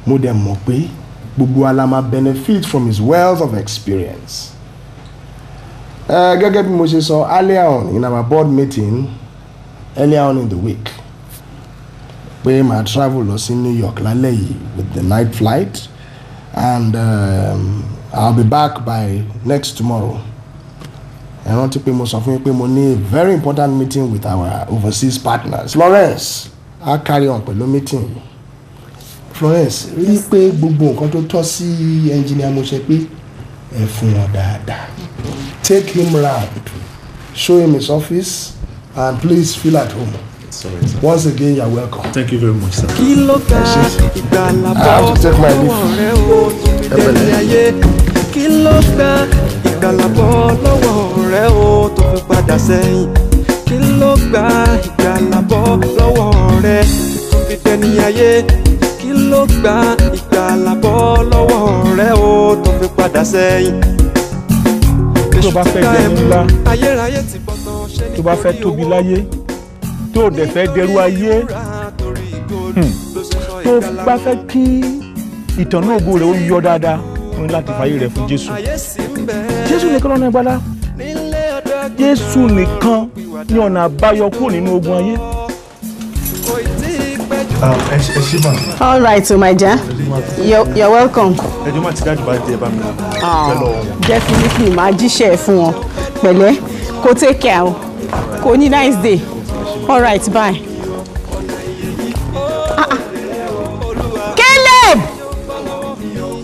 mo dẹ̀ mọ̀ pé gbogbo alama benefit from his wealth of experience. Uh, gẹ́gẹ́ bí mo ṣe sọ earlier on in our board meeting earlier on in the week pé màá travel lọ sí New York lálẹ́ yìí with the night flight and um, I'll be back by next tomorrow. I want to pay most of me pay money. very important meeting with our overseas partners. Florence I carry on pẹ̀lú meeting Florence rí pé gbogbo nǹkan tó tọ́ sí ẹnjìnìá mo ṣe pé ẹ fún wọn dáadáa. Take him round, show him his office and please feel at home. Sorry, Once again, you're welcome. Thank you very much, sir. I have to take my leave dẹni ayé kí ló gba ìgbàlàbọ̀ lọ́wọ́ rẹ o tó fi padà sẹ́yìn kí ló gba ìgbàlàbọ̀ lọ́wọ́ rẹ tó fi dẹni ayé kí ló gba ìgbàlàbọ̀ lọ́wọ́ rẹ o tó fi padà sẹ́yìn. tó bá fẹ́ dẹni ńlá tó bá fẹ́ tóbi láyé tó dẹ̀ fẹ́ dẹrú ayé hmm, tó bá fẹ́ kí ìtànú ògo rẹ̀ ó yọ dáadáa fún láti fàyè rẹ̀ fún jésù jésù nìkan lọ́nà ìgbàlá jésù nìkan ní ọ̀nà àbáyọ kúrò nínú ogun ayé. Ah, ẹ ṣe bá. all right o my dear you're, you're welcome. ẹjọ́ máa ti dájú bá jẹ bá mi ah, lọ. definitely máa jíṣẹ́ ẹ̀ fún wọn pẹ̀lẹ́ kó take care o kó ní nice day all right bye.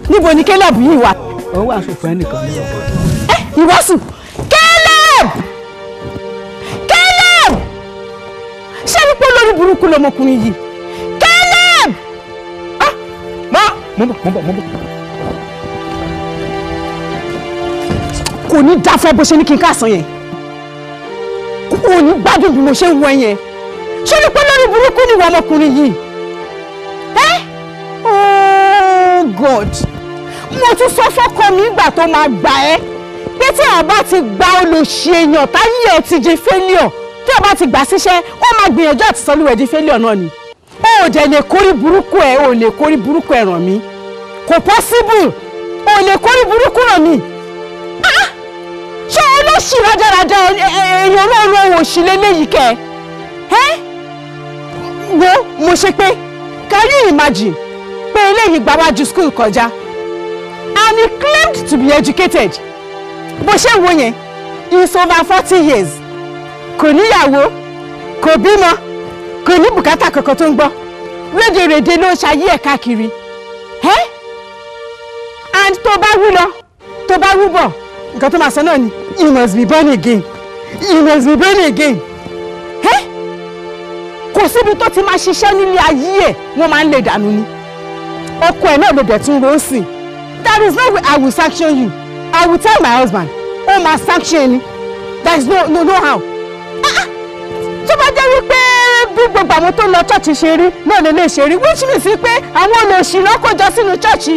níbo ni caleb yìí wà. ó wà sùn fún ẹnìkan ní ọkọ. ẹ ìwọ sùn caleb caleb ṣé wípé olórí burúkú lọmọkùnrin yìí caleb. Ah, má mo bọ̀ mo bọ̀ mo bọ̀. kò ní dáfẹ́ bó ṣe ní kí n káàsán yẹn kò ní gbádùn bí mo ṣe ń wọ yẹn ṣé wípé olórí burúkú ni ìwọ ọmọkùnrin yìí. Oh God mo tún sọ fọ́kọ mi ìgbà tó máa gbà ẹ́ pé tí àwọn bá ti gba olùṣe èèyàn táyé ẹ̀ ti di failure tí àwọn bá ti gbà síṣẹ́ wọ́n máa gbìyànjú àti sọlúwẹ̀ di failure náà ni ó ò dẹ̀ lè kórí burúkú ẹ̀ ò lè kórí burúkú ẹ̀ ràn mí kò possible ò lè kórí burúkú ràn mí ah! ṣé olóṣì rádaràda èèyàn náà ló ń òṣì lélẹ́yìí kẹ́ wo mo ṣe pé can you imagine pé eléyìí gbáwájú school kọjá he claimed to be educated ụbọchị owuwe ihe he is over 40 years kọ ni yawo kọ bi nọ kọ ni bukata akụkọ ti n gbọ redio redio n'oche and toba tọ ọ baa ruru bọ nke tọ ma born again in must be born again kọ si bi to ma si se nile ayi ma le danu ni ọkụ e na nsi. There is no way I will sanction you. I will tell my husband, oh my sanction, there is no no no how. Ah, ah. Tó bá jẹ́ wípé bí gbogbo àwọn tó lọ chọ́ọ̀chì ṣe rí náà lè lè ṣe rí which means pé àwọn olóòṣì náà kò jọ sínú chọ́ọ̀chì.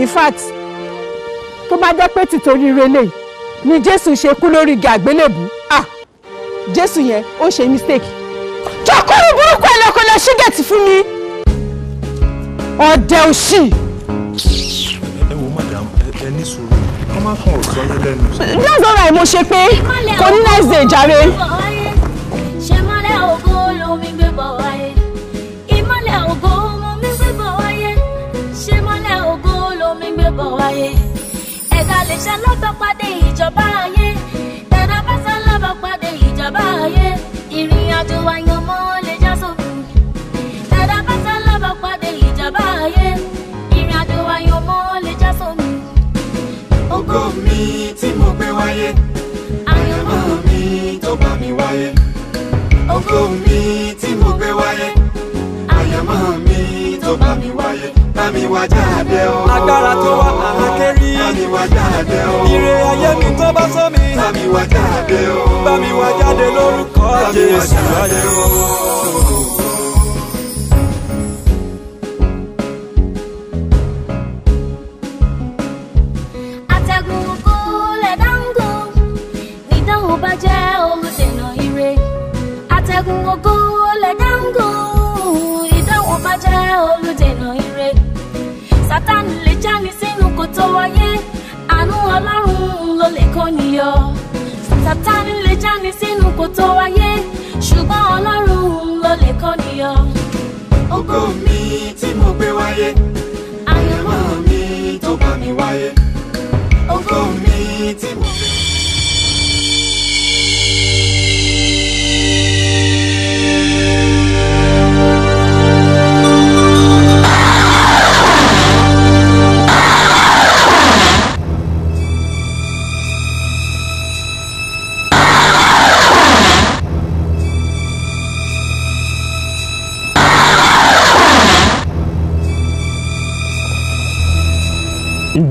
In fact, tó bá jẹ́ pé tìtorí relé ni Jésù ṣe kú lórí igi àgbélébù. Ah! Jésù yẹn ó ṣe mistake. Jọ̀kúrú burúkú ẹ̀ lọ́kọ̀ lọ ṣígẹ̀tì fún mi ọdẹ òṣì. ẹ wo madam ẹ ní sùúrù wọn máa kàn ọ̀rọ̀ sọ́yìn lẹ́nu. that's all right mo ṣe pé kò ní nice ṣe mọ́lẹ̀ ẹ̀ka lè ṣe alábàápàdé ìjọba ayé tẹ̀lé bá ṣe alábàápàdé ìjọba ayé ìrìn àjò wáyé. àbúrò mi tí mo gbé wáyé àyànmọ́ mi tó bá mi wáyé ògo mi tí mo gbé wáyé àyànmọ́ mi tó bá mi wáyé bá mi wá jáde o. agbára tó wà àkẹ́rí bá mi wá jáde o. ire ayé mi tó bá sọ mi bá wá jáde o. bá mi wá jáde lórúkọ Jésù ayé o. sátánì lè jáni sínú kòtò ayé àánú ọlọ́run ló lè kó niyọ sátánì lè jáni sínú kòtò ayé ṣùgbọ́n ọlọ́run ló lè kó niyọ. ògo mi tí mo gbé wáyé àyẹ̀wò mi tó bá mi wáyé.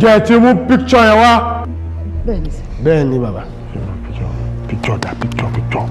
ǹjẹ́ ẹ ti mú píkṣọ yẹn wá. bẹ́ẹ̀ ni bàbá. píkṣọ píkṣọ dá píkṣọ píkṣọ.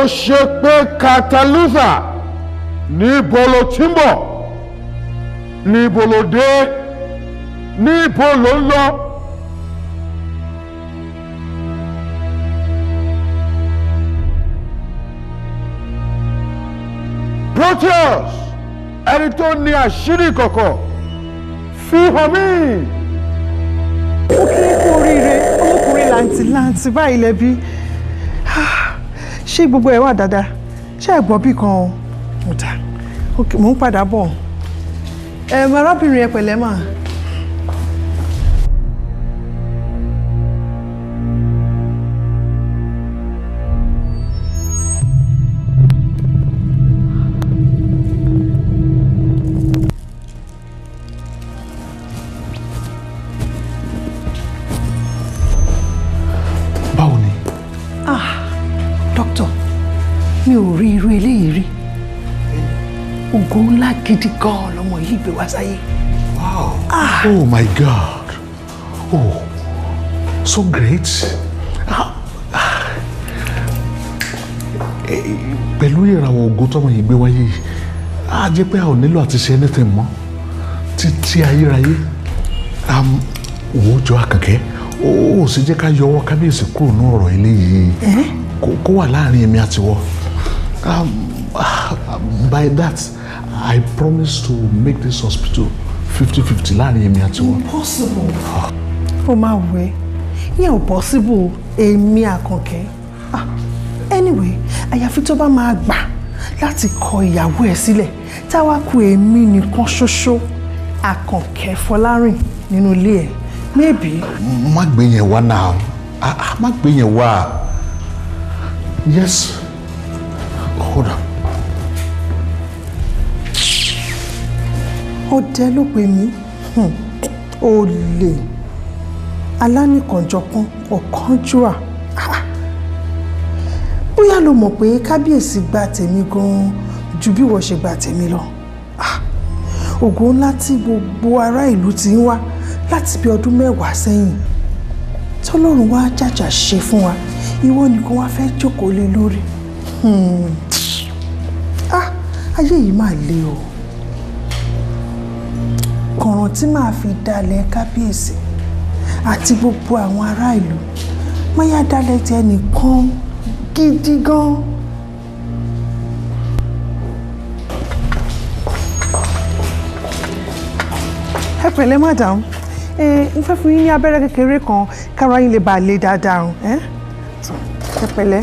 ó ṣe pé Katalusa níbo lo ti ń bọ̀ níbo lo dé níbo lo ń lọ. Proteus ẹni tó ní àṣírí kọ̀kọ̀ fi hàn mí. ó kí kú oríire ọmọkùnrin làǹtìlanti báyìí lẹ́bí ṣé gbogbo ẹ̀ wà dáadáa ṣé ẹ̀ gbọ́ bí kan mo ta mò ń padà bọ̀ ẹ̀ arábìnrin ẹ pẹ̀lẹ́ mà irú eléyìí rí ògo ńlá gidi gan lọmọ yìí gbé wá sáyé. wow ah. oh my god oh so great ah, ah. Eh, eh, pẹ̀lú ìràwọ̀ ògo tọmọ yìí gbé wáyé á jẹ́ pé a ò nílò àti ṣe anything mọ́ títí ayérayé òwòjọ um, àkànkẹ́ ó sì jẹ́ ká yọwọ́ kábíyèsí kúrò ní ọ̀rọ̀ eléyìí kó wà láàrin èmi àtiwọ́. Um, by that, I promise to make this hospital 50-50 Lani, emi ati wọn. Impossible. Ó máa wẹ̀, yẹn ò possible èmi àkànkẹ́. Ah, anyway, àyàfi tó bá máa gbà láti kọ ìyàwó ẹ̀ sílẹ̀ táwa ku èmi nìkan ṣoṣo akonke Fọlárìn nínú ilé ẹ̀ maybe. Má gbé yẹn wá náà, ah, ah, má gbé yẹn wá. Yes. Hold on. Ọdẹ ló pè mí. Hmm. Olè. Alánìkànjọpọ́n ọ̀kánjúà. Ah. Bóyá lo mọ̀ pé kábíyèsí gba tèmi gan-an ju bí wọ́n ṣe gba tèmi lọ. Ah. Ògo ńlá tí gbogbo ará ìlú ti ń wá láti bí ọdún mẹ́wàá sẹ́yìn tọ́lọ́run wá jàjà ṣe fún wa ìwọ nìkan wá fẹ́ jókòó lé lórí. Hmm. ah ayé yìí máa le o kọ̀ràn tí màá fi dalẹ̀ kábíyèsí àti gbogbo àwọn ará ìlú máyà dalẹ̀ tẹ nìkan gidi gan. ẹ pẹ̀lẹ́ madam ẹ n fẹ́ fún yín ní abẹ́rẹ́ kékeré kan kára yín lè bàa lè dáadáa ẹ pẹ̀lẹ́.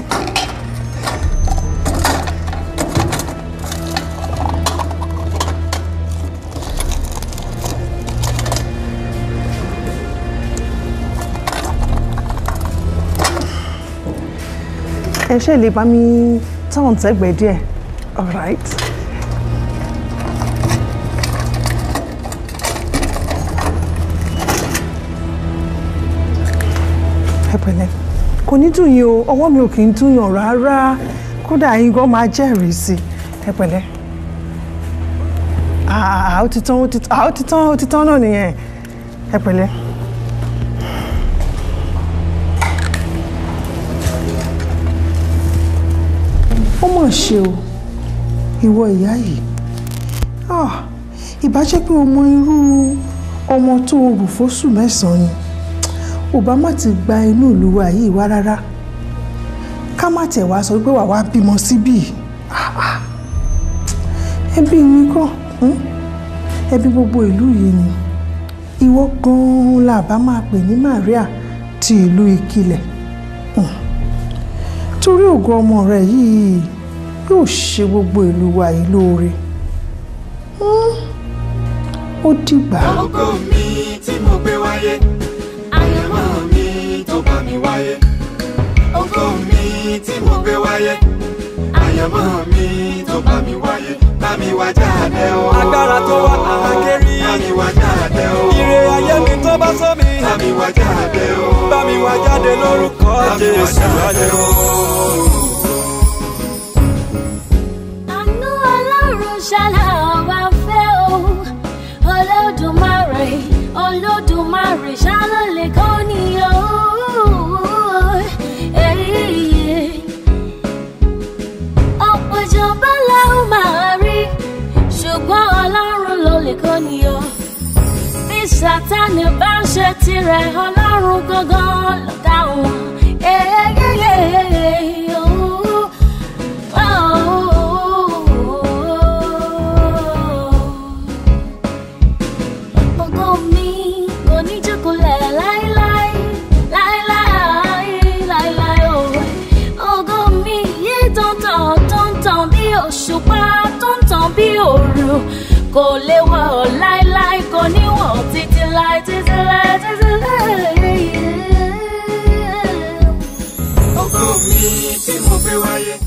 ẹ ṣe lè bá mi tán tẹ́gbẹ̀ẹ́ díẹ̀ all right. ẹ pẹ̀lẹ́ kò ní dùn yín o ọwọ́ mi ò kì í dùnyàn rárá kódà yín gan máa jẹ́rìí sí ẹ pẹ̀lẹ́ àá ah, ah, ah, ó ti tán ó ti tán ó ti tán náà nìyẹn ẹ pẹ̀lẹ́. mà ṣe o ìwọ ìyá yìí ah, ìbá jẹ́ pé o mọ irú ọmọ tó o rù fóṣù mẹ́sàn-án ni ò bá má ti gba inú ìlú wa yìí wá rárá ká má tẹ̀ wá sọ pé wà wá bímọ síbí ah, ẹbí mi kọ́ hmm? ẹbí gbogbo ìlú yìí ni ìwọ gan-an la bá máa pè ní Maria ti ìlú Ìkìlẹ̀ hmm. torí ògo ọmọ rẹ yìí yóò ṣe gbogbo ìlú wa yìí lóore ó dìgbà. ògo mi tí mo gbé wáyé àyànmọ́ mi tó bá mi wáyé ògo mi tí mo gbé wáyé àyànmọ́ mi tó bá mi wáyé bá wá jáde o. agbára tó wà àkèrè bá wá jáde o. ire ayé mi tó bá sọ mi bá wá jáde o. bá wá jáde lórúkọ Jésù wáyé o. olódùmarè ṣáná lè kọ́ nìyẹn ọ̀pọ̀ ìjọba làwọn máa rí ṣùgbọ́n ọlọ́run ló lè kọ́ nìyẹn bí sátánì bá ń ṣe tirẹ̀ ọlọ́run gangan ló dá wọn. kò lè wọ̀ láéláé kò ní wọ̀ títí láé títí láé títí láé. ọkọ mi tí mo gbé wáyé.